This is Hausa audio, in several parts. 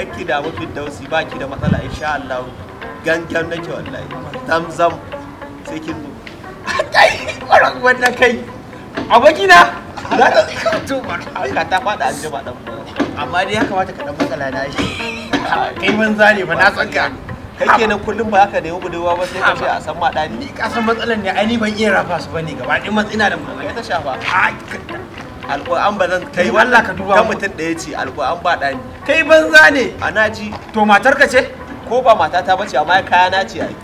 kakki da mu dausi ba ki da matsala insha Allah gangan nake wallahi tamzam sai kin zo kai kwarar wannan kai na za ta zika tubar haka ta fada an jima dan amma dai ya kamata ka dan matsala na shi kai mun zane ba na tsaka kai kenan kullum ba haka da yau gudewa ba sai ka ce a san ma dani ni ka san matsalan ne ai ni ban iya rafa su bane gaba ɗaya matsina da mu ta shafa alƙo'an ba zan kai wala ka duba Ka mutum ɗaya ce alƙo'an ba ɗani kai banza ne a naji to matar ka ce ko ba matata ta bace amma kaya na ce ai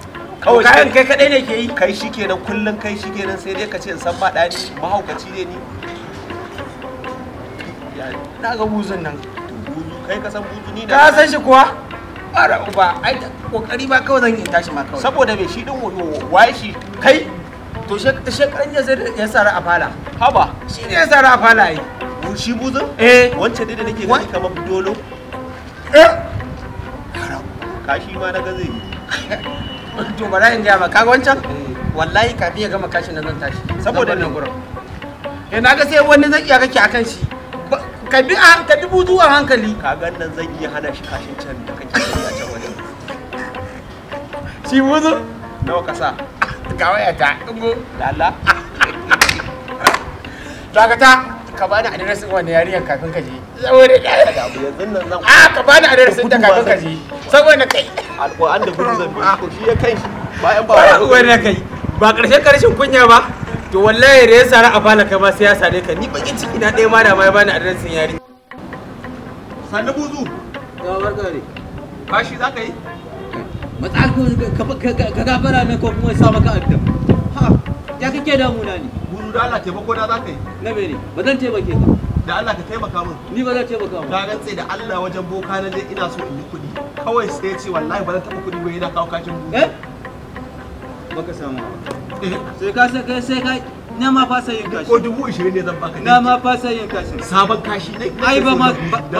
kawai kayan kai kaɗai ne ke yi kai shi shikenan kullun kai shi shikenan sai dai ka ce in san ba ɗani mahaukaci ne ni na ga buzun nan buzu kai ka san buzu ni ka san shi kuwa ƙara uba ai kokari ba kawai zan yi tashi ma kawai saboda me shi din waye shi kai to shekaran ya sara a fala haba shi ne ya sara a fala yi shi buzun eh wancan da nake gani kamar Budolo. eh kashi ma na gaze to bara in gaya ma kaga wancan eh. wallahi kafin ya gama kashi na zan tashi saboda nan gurin eh naga sai wani zakiya kake akan shi ka bi a ka bi buzu a hankali kaga nan zan iya hana shi kashin can da kake a can wajen shi buzu nawa ka sa kawai ga wayata ingo lalla dakata ka ba bani adireshin wannan yarinyar kafin ka je saboda da abu yanzu nan zan a ah, ka ba bani adireshin ta kafin ka je saboda kai alƙur'an da gudu zabi ko ah. shi ya kai bayan ba wani wani kai ba ƙarshen ƙarshen kunya ba to wallahi da ya sara a fala kai ma sai ya sare ka ni bakin ciki na ɗaya ma da ma ya bani adireshin yari sannu buzu ya barka ba shi za ka yi matsa ka gafara nan ko kuma sa maka addam ha ya kake damuna ne guru da Allah taimako na za ka yi na mene ba zan taimake ka da Allah ka taimaka min ni ba zan taimaka min ka rantse da Allah wajen boka na dai ina so in yi kuɗi kawai sai ya ce wallahi ba zan taɓa kuɗi ba yana kawo kashin guru eh baka samu eh. sai ka sai sai ka na ma fasa yin kashi ko dubu ishirin ne zan baka na ma fasa yin kashi sabon kashi ne ai ba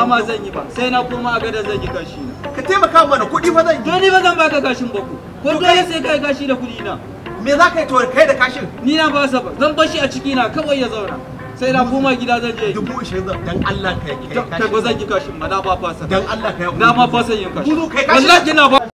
ma zan yi ba sai na koma a gada zan yi kashi na taimaka mana kuɗi fa zan yi. ba zan baka gashin baku. Ko dole sai kai gashi da kuɗi na. Me za ka yi to kai da kashin? Ni na ba sa ba. Zan bar shi a ciki na kawai ya zauna. Sai na koma gida zan je. Dubu ishirin zan dan Allah ka yi Kai ba zan yi kashin ba na ba fasa. Dan Allah ka yi. Na ma fasa yin Wallahi na ba.